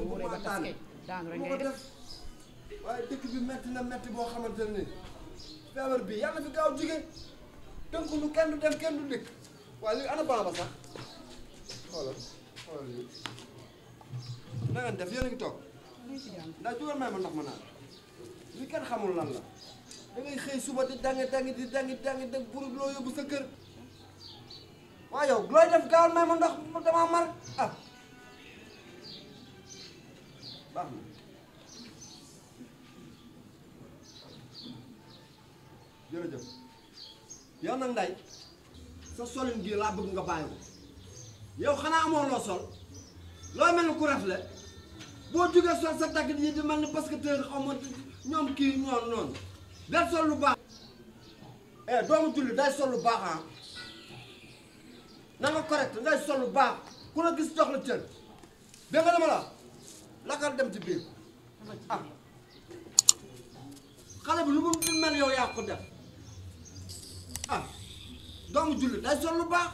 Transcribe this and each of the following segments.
bu bëree ba tas kay daanu rek ngay def waaye dëkk bi metti na metti boo xamante ne feebar bi yàlla fi gaaw jigéen tënk lu kenn du dem kenn du dëkk waaye léegi ana baaba sax xoolal xoolal lii def yéen a ngi toog ndax jógal may ma ndox ma naan li kenn xamul lan la da ngay xëy suba di dangi dangi di dangi dangi de buru loo yóbbu sa kër waaye yow looy def gaawal may ma ndox damaa mar ah baax na jërëjëf yow nag nday sa solin gii laa bëgg nga bàyyi ko yow xanaa amoon loo sol loo mel ni ku rafle boo jógee sol sa dagg yi di mel ni parce que te xaw ma ñoom kii noonu noonu del sol lu baax eh doomu julli day sol lu baax ah na nga correct day sol lu baax ku la gis jox la cër dégg nga dama la lakar dem ci biir ah xale bi lu mu mel yow yaa ko def ah doomu jullit day sol lu baax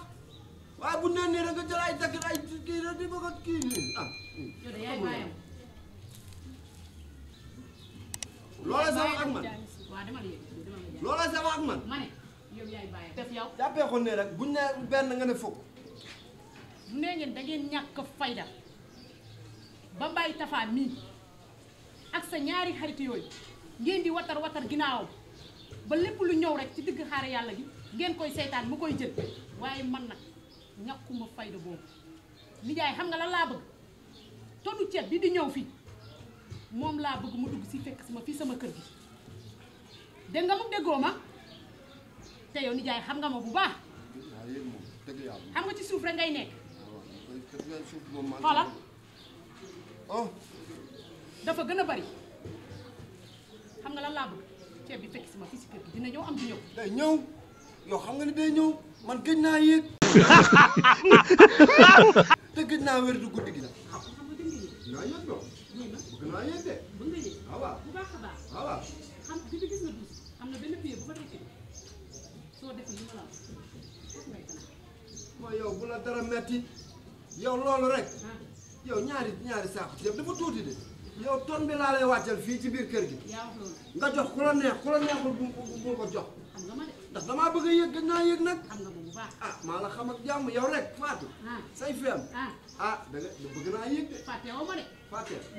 waaye bu nee nii rek nga jël ay takk ay kii rek di bëgg a kii nii ah. loola sama ak man loola sama ak man. jàppee ko ne rek buñ ne benn nga ne fukk. nee ngeen da ngeen ñàkk fayda. ba bàyyi tafaa mii ak sa ñaari xarit yooyu ngeen di watar watar ginnaawam ba lépp lu ñëw rek ci digg xaare yàlla gi ngeen koy seytaan mu koy jël waaye man nag ñàkkuma fayda boobu nijaay xam nga la laa bëgg tonu ceeb bi di ñëw fii moom laa bëgg mu dugg si fekk suma ma fii sama kër gi dégg mu déggoo ma te yow nijaay xam nga ma bu baax xam nga ci suuf rek ngay nekk xoolal Oh. dafa gën a bari xam nga lan laa bëgg ceeb bi fekk si ma fii si kër gi dina ñëw am di ñëw. day ñëw yow xam nga ni day ñëw man gëj naa yéeg. te gëj naa wér du guddi ah, ah, gis na benn pied bu yow bu la dara metti yow loolu rek. Ah. yow ñaari ñaari saako yëpp dafa tuuti de yow ton bi laa lay fii ci biir kër gi nga jox ku la neex ku la neexul bu ko jox ndax damaa bëgg a yëg naa yëg nag ah maa la xam ak jàmm yow rek Fatou ah. say feem ah. ah da nga bëgg naa yëg de fàtte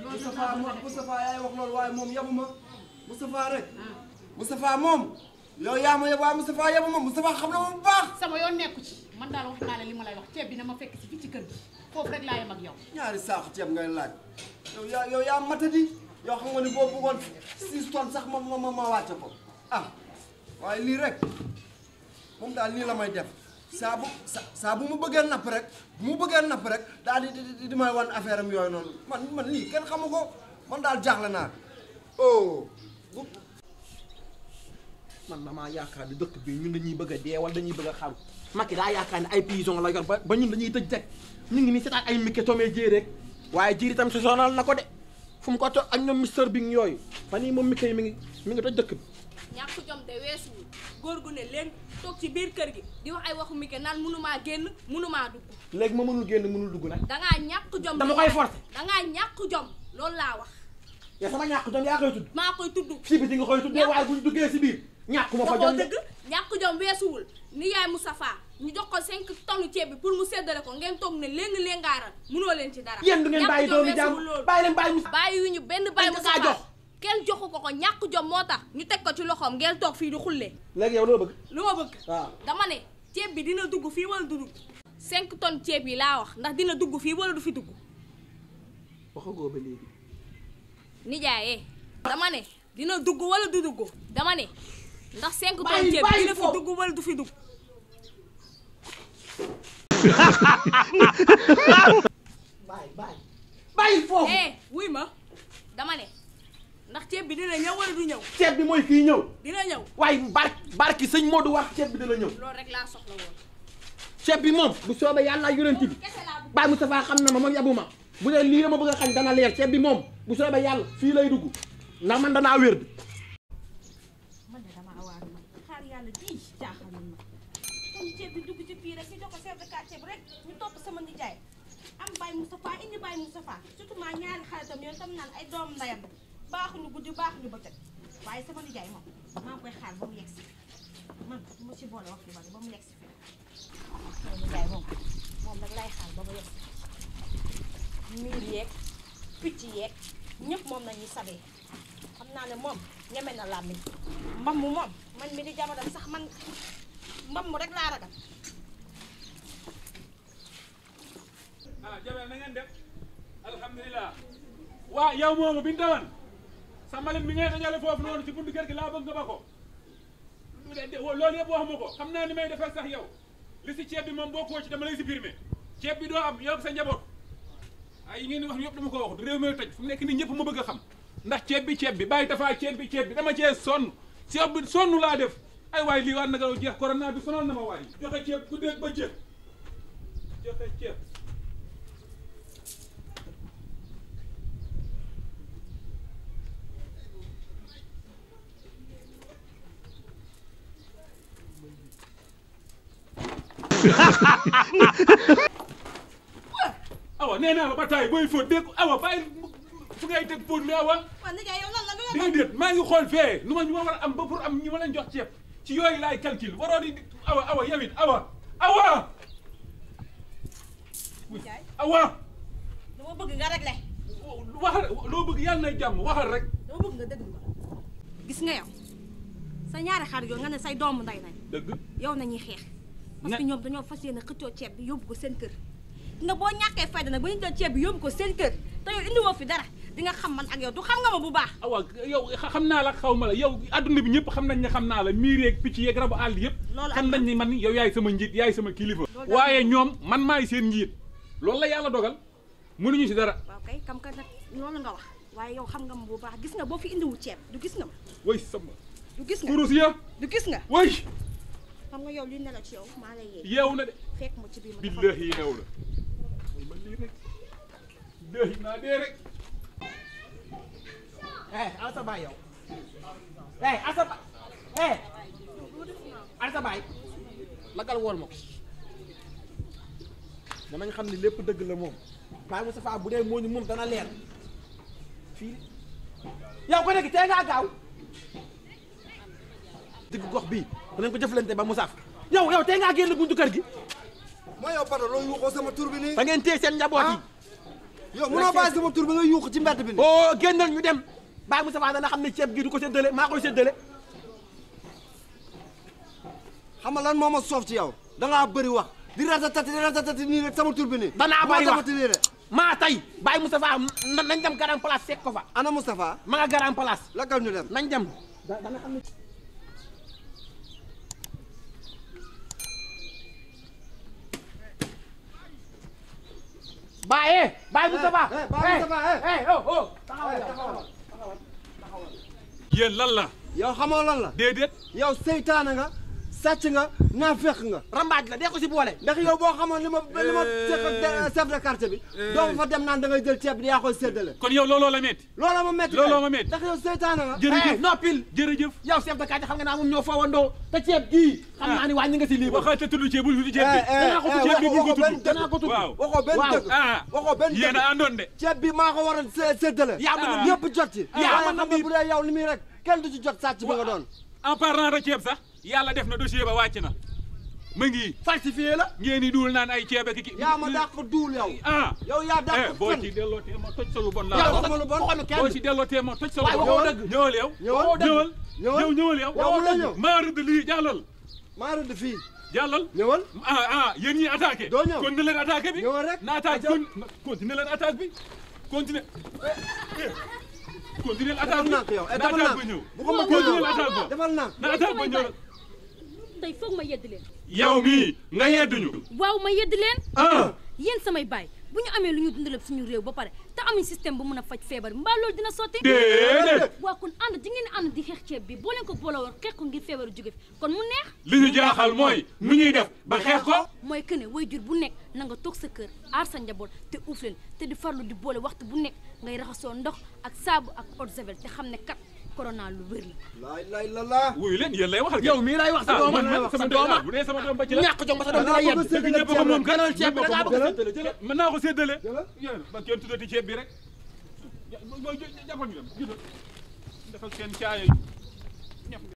Moustapha Moustapha yaay wax loolu waaye moom yabu ma Moustapha rek ah. Moustapha moom yow yaa ma yab waaye Moustapha yabu ma Moustapha xam na ma bu baax sama yoon nekku ci man daal wax li ma lay wax bi na ma fekk si ci kër gi foofu rek laa ak yow. ñaari saaku ceeb ngay laaj yow yaa yow yaa matadi yow xam nga ni boo bëggoon six tonnes sax ma ma ma wàcce ko ah waaye lii rek moom daal nii la may def saa bu saa bu mu bëggee napp rek bu mu bëggee napp rek daal di di di may wan affaire am yooyu noonu man man lii kenn xamu ko man daal jaaxle naa oh. man damaa yaakaar ni dëkk bi ñun dañuy bëgg a dee wala dañuy bëgg a xaru Macky daa yaakaar ne ay prison la yor ba ñun dañuy tëj teg ñu ngi ni seetaan ay Miki Tomé Dieng rek waaye jiir itam si sonal na ko de fu ko toj ak ñoom Mister Bing moom Miki mi ngi mi ngi toj dëkk bi. ñàkk jom de weesuwul góor gu ne leen toog ci biir kër gi di wax ay waxu Miki naan mënumaa génn munu mënumaa dugg. léegi ma mënul génn mënul dugg nag. da ñàkk jom dama koy forcer. da ngaa ñàkk jom loolu laa wax. yaa sama ñàkk jom yaa koy tudd. maa koy tudd. si biti nga koy tudd waaye bu ñu duggee si biir ñàkk ma fa jom dëgg ñàkk jom weesuwul ni yaay Moustapha ñu jox ko cinq tonnes ceeb bi pour mu seddale ko ngeen toog ne léng léngaaral munoo leen ci dara yéen du ngeen bàyyi doomi jàmm bàyyi leen bàyyi bàyyi yu ñu benn bàyyi Moustapha jox kenn joxu ko ko ñàkk jom moo tax ñu teg ko ci loxoom ngeen toog fii di xulle léegi yow loo bëgg lu ma bëgg waaw dama ne ceeb bi dina dugg fii wala du dugg cinq tonnes ceeb yi laa wax ndax dina dugg fii wala du fi dugg waxagoo ba léegi nijaayee dama ne dina dugg wala du dugg dama ne ndax 5 tonnes ceeb dina fi dugg wala du fi dugg. bàyyi eh, ma dama ne ndax ceeb bi dina ñëw wala du ñëw. ceeb bi mooy ñëw. dina ñëw waaye bar barki sëñ Modou wax ceeb bi dina ñëw. loolu rek laa soxla woon. ceeb bi moom bu soobee yàlla yonent bi Baye Moustapha xam na ma ma yabu ma bu dee lii la ma bëgg a xañ dana leer ceeb bi moom bu soobee yàlla fii lay dugg ndax man danaa wér. suñu ceeb bi dugg ci jox ko chef bi rek ñu topp sama nijaay am Baye Moustapha indi Baye Moustapha surtout maa ñaari xaritam yoon tam naan ay doom ndayam baaxuñu guddi baaxuñu bëccëg waaye sama nijaay moom maa ngi koy xaar ba ba mu yegg si fii sama nijaay moom moom nag lay xaar ba mu yegg si miir yeeg picc yeeg ñëpp moom nañuy sabee xam naa ne moom ñeme na làmmiñ mbam mu moom man mi di jabaram sax man mbam rek laa ragal. ah Jabel na ngeen def alhamdulilah waa yaw moomu bi ñu doon sa mbalit mi ngay dajale foofu noonu ci buntu kër gi laa bëgg nga ba ko loolu yëpp wax ma ko xam naa ni may defal sax yow li si ceeb bi moom boo ko ci dama lay supprimer ceeb bi doo am yow sa njaboot ay ah, yi ngeen di wax yëpp dama ko wax réew mi toj fu mu nekk nii ñëpp ma bëgg a xam ndax ceeb bi ceeb bi bàyyi dafaa ceeb bi ceeb bi dama cee sonn ceeb bi sonn laa def. ay waay lii war na gaaw jeex corona bi sonal na ma waay joxe ceeb ku dégg ba jeex joxe ceeb awa nee naa la ba taay booy fóot dégg awa bàyyi fu ngay teg fóot mi awa. waaw yow lan ngi xool fee nu ma ñu ma am ba pour am ñi ma leen jox ceeb. ci yooyu laay calcul waroo di awa awa yow it awa awa. awa. dama bëgg nga réglé. waxal loo bëgg yàlla na jàmm waxal rek. dama bëgg nga déglu ma gis nga yow sa ñaari xarit yooyu nga ne say doomu ndey nañ. dëgg yow nañuy xeex. na que ñoom dañoo fas yéene xëccoo ceeb bi yóbbu ko seen kër. nga boo ñàkkee fayda nag ba ñu jël ceeb bi yóbbu ko seen kër te yow indiwoo fi dara. di nga xam man ak yow du xam nga ma bu baax. awa yow xam naa la xaw ma la yow adduna bi ñëpp xam nañ ne xam naa la miir yeeg picc yeeg rab àll yëpp. xam nañ ni man yow yaay sama njiit yaay sama kilifa. waaye ñoom man maay seen njiit. loolu la yàlla dogal ñu si dara. waaw kay kam ka nag loolu nga wax xam nga ma bu gis nga boo fi indiwu ceeb du gis nga ma. way sama. du gis nga kurus ya du gis nga way xam nga yow li ne la yow na de fekk ma ci biir ma. billahi yeewu na man lii naa dee rek eh ana sa baay yow eh ana sa ma ko danañ xam ne lépp dëgg la moom Baye Moustapha bu dee moo ñu moom dana leer fii yow ko nekk tee ngaa gaaw digg gox bii danañ ko jëflante ba mu saaf yow yow tee ngaa génn buntu kër gi mooy yow bi nii seen njaboot yi ah. yow mënoo sama tur bi nga yuuxu ci mbedd bi nii oo oh, génnal ñu dem bàyyi Moustapha dana xam ne ceeb gi du ko séddale maa koy séddale xam nga lan moo ma soof ci yow dangaa bëri wax di ratatati di ratatati nii rek sama tur bi nii danaa bëri wax nii rek maa tey bàyyi Moustapha nañ dem grand place seeg ko fa ana Moustapha ma nga grand place lakkal ñu dem nañ dem dana xam ne bàyyi bàyyi Moustapha bàyyi Moustapha yéen lan la. yow xamoo lan la. déedéet. yow seytaane nga. sàcc nga naa fekk nga rambaaj la dee ko si boole ndax yow boo xamoon li ma li ma eh. eh, chef de quartier bi eh. doo fa dem naan da ngay jël ceeb bi yaa koy séddale kon nga jërëjëf xam nga naa moom ñoo fawandoo te ceeb gii xam ah. naa bi danaa ko tudd ceeb bi bul ko tudd danaa ah. a àndoon war a séddale ah. yaa mën na ñëpp jot ci yaa mën na bu dee yow li muy rek kenn du ci jot sàcc bi nga doon en parlant de ceeb sax yàlla def na dossier ba wàcc na ma ngi. falsifié la. ngeen di duul naan ay ceeb ak ki. yaa ma dàq duul yow. ah yow yaa dàq eh, fen boo ci delloo tee ma toj sa lu bon. laa wax ma lu bon boo ci delloo tee ma toj sa lu bon. waaw waxoo dëgg ñëwal yow. ñëwal ñëwal ñëwal ñëwal yow. waxoo dëgg maa rëdd lii jàllal. maa rëdd fii. jàllal ñëwal ah ah yéen ñii attaqué. doo ñëw kon ni leen attaqué bi. ñëwal rek na attaqué kon continué leen attaque bi continué. Eh, continué attaque bi. defal eh, naa ko yow defal naa ko. na attaque ba ñëw. bu ko ma continué attaque ba. defal naa ko na attaque ba ñëw. tey foog ma yedd leen yow mii nga yedduñu waaw ma yedd leen ah yéen samay baay bu ñu amee lu ñu dundalab suñu réew ba pare te amuñ système bu mën a faj feebar mbaa loolu dina sotti déedéet waa kon ànd di ngeen ànd di xeex ceeb bi boo leen ko booloo woon xeex ko ngir feebaru jóge fi kon mu neex li ñu jaaxal mooy nu ñuy def ba xeex ko mooy que ne waajur bu nekk na nga toog sa kër aar sa njaboot te uuf leen te di farlu di boole waxtu bu nekk ngay raxasoo ndox ak ak eau de javel xam ne kat corona lu wér la. laay laay la laa. wuyu leen yéen lay waxal. yow mi lay wax sa ah, doom man sama doom ah. bu dee sama doom ba ci la ñàkk jom ba sa doom dina yem. dëgg ñëpp ko moom gënal ceeb bi da ngaa bëgg a séddale jëlal mën naa ko séddale. jëlal ba kenn tuddati ceeb bi rek. mooy jàppal ñu